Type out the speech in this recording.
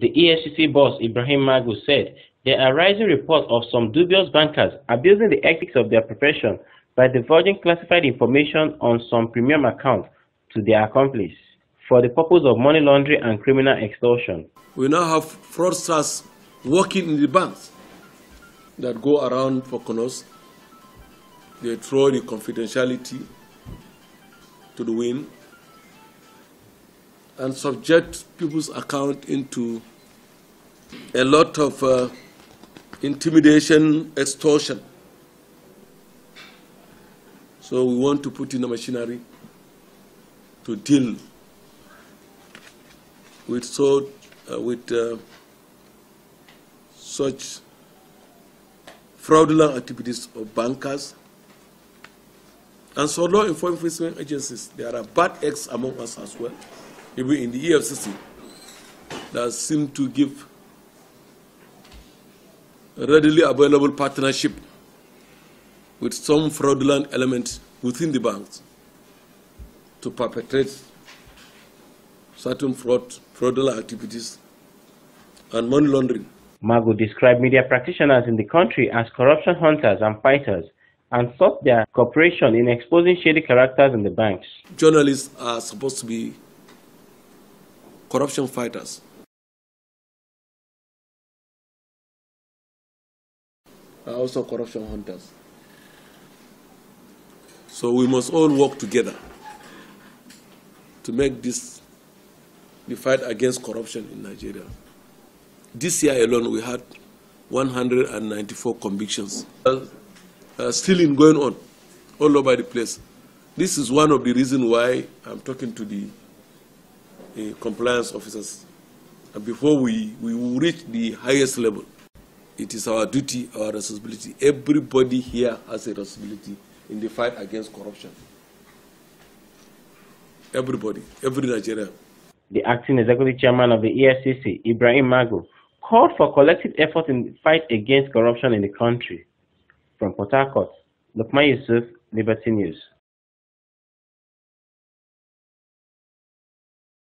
The ESCC boss Ibrahim Magu said there are rising reports of some dubious bankers abusing the ethics of their profession by divulging classified information on some premium accounts to their accomplices for the purpose of money laundering and criminal extortion. We now have fraudsters working in the banks that go around for us. They throw the confidentiality to the wind and subject people's account into a lot of uh, intimidation, extortion. So we want to put in the machinery to deal with so uh, with uh, such fraudulent activities of bankers and so law enforcement agencies. There are bad eggs among us as well even in the EFCC, that seem to give readily available partnership with some fraudulent elements within the banks to perpetrate certain fraud, fraudulent activities and money laundering. Mago described media practitioners in the country as corruption hunters and fighters and sought their cooperation in exposing shady characters in the banks. Journalists are supposed to be corruption fighters. Are also corruption hunters. So we must all work together to make this the fight against corruption in Nigeria. This year alone, we had 194 convictions. Uh, uh, stealing going on all over the place. This is one of the reasons why I'm talking to the compliance officers. And before we, we reach the highest level, it is our duty, our responsibility. Everybody here has a responsibility in the fight against corruption. Everybody, every Nigerian. The acting executive chairman of the ESCC, Ibrahim Mago, called for collective effort in the fight against corruption in the country. From Port Harcourt, Lukman Yusuf, Liberty News.